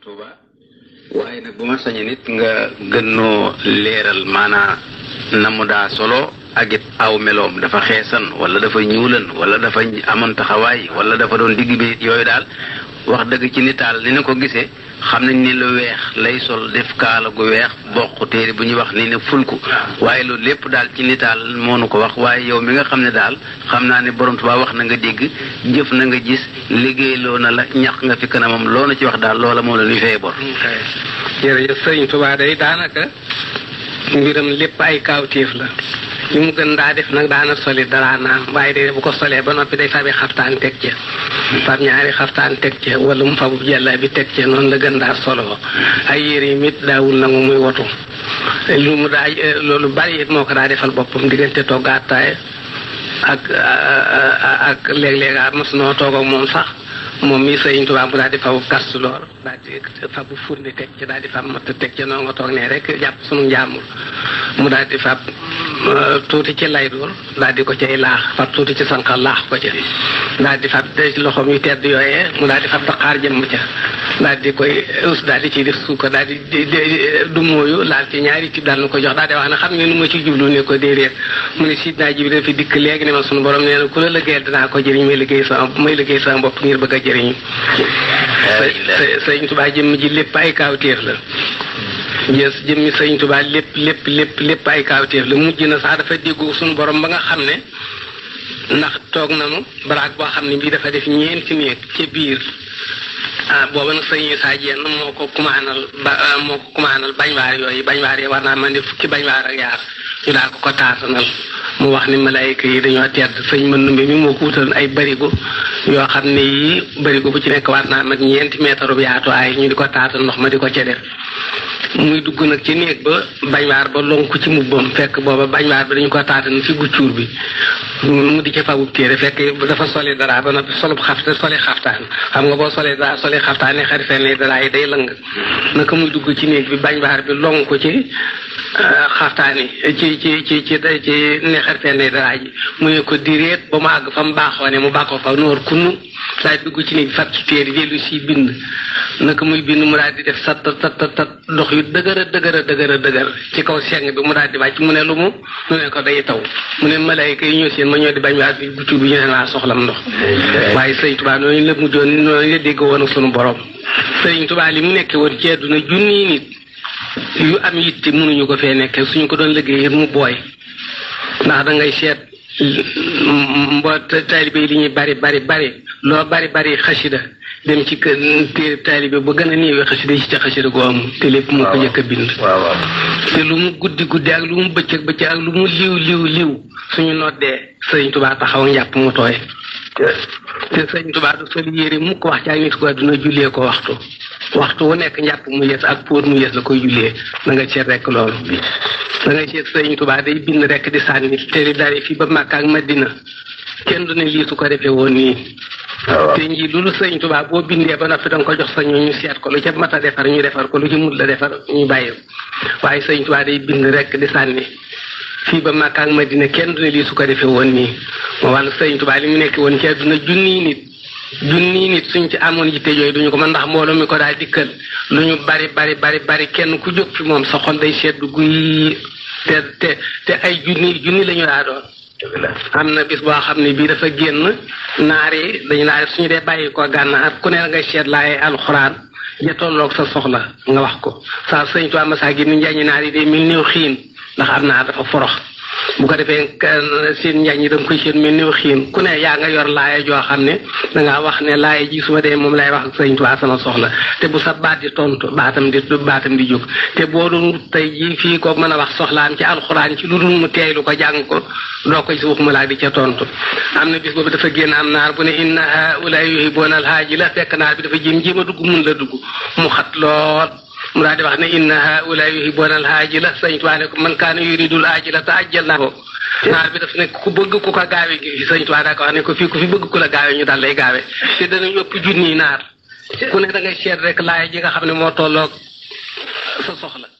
Touba waaye nag bu ma sañe nit nga gënnoo leeral maanaa na daa solo agit aw meloom dafa xeesan wala dafa ñuulan wala dafa amoon taxawaay wala dafa doon digg bi yooyu daal wax dëgg ci nitaal ni na ko gisee xam nañ ni lu weex lay sol def kaala gu weex bokk téere bu ñuy wax ni ne fulku waaye loolu lépp daal ci nitaal moo nu ko wax waaye yow mi nga xam ne daal xam naa ne borom Tuubaa wax na nga dégg jëf na nga gis liggéeyloo na la ñax nga fi kanamam loo na ci wax daal loola moom la ñuy fay bor. jërëjëf sëriñ Tuubaa day daanaka mbiram lépp ay kaawteef la. li mu gën daa def nag daana soli dara waaye bu ko solee ba noppi day fabi xaftaan teg ca fab ñaari xaftaan teg wala mu fabu jàlla bi teg ca noonu la gën daa soloo ay yére yi mit daawul nangu muy wotu lu mu daa loolu bari it moo ko daa defal bopp boppam diggante toggaataay ak ak léeg-léeg a mas noo toog ak moom sax moom mii sëriñ Tuubaa mu daal di fabu kastu lool daal di fabu furni teg ca daal di fab matt teg ca noo nga toog ne rek jàpp sunu njaamul mu daal di fab Euh, tuuti ci lay doon daal di ko ay laax fab tuuti ci sanqa laax ko ca daal di fab loxoom yu tedd yooyee mu daal di fab daqaar jëmm ca daal di koy us di ciy def suuf ko daal di du mooyu laal ci ñaari cib daal ko jox daal di wax ne xam ne nu ma ci jublu ne ko déedéet mu ne siit naa jibi dafa dikk léegi ne ma sunu borom nee na ku la liggéeyal dinaa ko jëriñ may liggéey sama may liggéey sama bopp ngir bëgg a jëriñu sëñ Tuubaa jëmm ji lépp ay kaawteef la gis sëñ tubaa lépp lépp lépp lépp ay kaawteef la mujj na sax dafa déggu suñu borom ba nga xam ne ndax toog nanu baraag boo xam ne bii dafa def ñeenti néeg ca biir ah booba nag sëñ Issa Dieng moo ko kumaanal ba ah, moo ko bañ bañwaar yooyu bañwaar yi war naa man ne fukki bañwaar ak yaar ñu daal ko ko taatanal mu wax ni malaayika yi dañoo tedd sëñ mën numbi mi moo ko wutal ay barigo yoo xam ne yii barigo bu ci nekk war naa mat ñeenti meetaru yaatuwaay ñu di ko taatan ndox ma di ko ca muy dugg nag ci néeg ba bañwaar ba lonku ci mbubbam fekk booba bañwaar bi dañu ko taatan ci guccuur bi mu di ca fabub téere fekk dafa sole dara ba nag solub xafta sole xaftaan xam nga boo solee dara sole xaftaan ne xarifeen ne dara yi day lëng naka muy dugg ci néeg bi bañwaar bi ko ci xaftaan yi ci ci ci ci ci neexarteen ne dara ji mu ne ko direet ba mu àgg fa mu baaxoo ne mu bàkkoo fa noor kunnu laa dugg ci néeg fàtt ci téere dellu si bind naka muy bind mu daal di def sat sat sat ndox yu dëgër dëgër dëgër dëgër ci kaw seng bi mu daal di wàcc mu ne lu mu mu ne ko day taw mu ne malayka yi ñoo seen ma ñoo di bañ waa bi butu bi ñu ne naa soxlam ndox waaye sëñ Tuubaa noonu la mujjoon noonu la dégg woon ak sunu borom sëriñ Tuubaa li mu nekk woon ci àdduna yu am yitti mënuñu ko fee nekkee suñu ko doon liggéey mu booy ndax da ngay seet mbo taalibe yi li ñuy bari bari bari loo bari bari xasida dem ci kër téere taalibe ba gën a néewee xasida yi ci xasida ko amul te lépp moo ko njëkk bind te lu mu guddi guddi ak lu mu bëccëg bëccëg ak lu mu liw liw liw suñu noddee sëriñ Tubaa taxaw njàpp mu tooy te sëriñ Tubaa du sol yére mukk wax ci ay nit ko àdduna jullee ko waxtu waxtu wu nekk njàpp mu yees ak póor mu yees la koy jullee na nga ci rekk loolu da nga ci sëriñ Tuubaa day bind rekk di sànni te li dari ba Màkka ak Madina kenn du ne lii ko defee woon nii ah, te nji lu lu sëriñ Tuubaa boo bindee ba noppi danga ko jox sa ñoo ko lu ca mat a defar ñu defar ko lu ci la defar ñu bàyyi waaye sëriñ Tuubaa day bind rek di sànni fii ba Màkka ak Madina kenn du ne lii su ko defee woon nii moo wàllu sëriñ Tuubaa li mu nekk woon ci àdduna junniy nit junni nit suñ ci amoon ji yooyu duñu ko mën ndax mbooloo mi ko daal dikkal lu ñu bari bari bari bari kenn ku jóg fi moom sa xol day sedd guy te te ay junni junni lañu ñu daa doon am na bis boo xam ne bii dafa génn naar yi dañu naa suñu dee bàyyi ko gànnaar ku ne la ngay seet laay alxuraan ja tolloog sa soxla nga wax ko saa sëñ tuwaa masaa gi ni njaañi naar yi day mil néew xiin ndax am naa dafa forox bu ko defee seen njañ yi dam koy seen mel ni xiin ku ne yaa nga yor laaya joo xam ne da wax ne laaya ji su ma dee moom lay wax ak sëñ Tuubaa sama soxla te bu sa baat di tontu baatam di baatam di jóg te boo doon tey jii fii ko mën a wax soxlaam ci alxuraan ci lu dul mu teeylu ko jàng ko doo ko si waxuma laa di ca tontu am na bis boobu dafa génn am naar bu ne inna haula yuhibuna alhaaji la fekk naar bi dafa jëm jéem a dugg mun la dugg mu xat lool mu daal di wax ne inna haula yuhibuna alhaajila sëñ Tuubaa ne ko man kaana yuridul aajila te ajjal naa ko naar bi daf ne ku bëgg ku ko gaawe ngi fi sëñ Tuubaa wax ne ko fii ku fi bëgg ku la gaawe ñu daal lay gaawe te danañ ëpp junniy naar ku ne da ngay rek laay ji nga xam ne moo tolloog sa soxla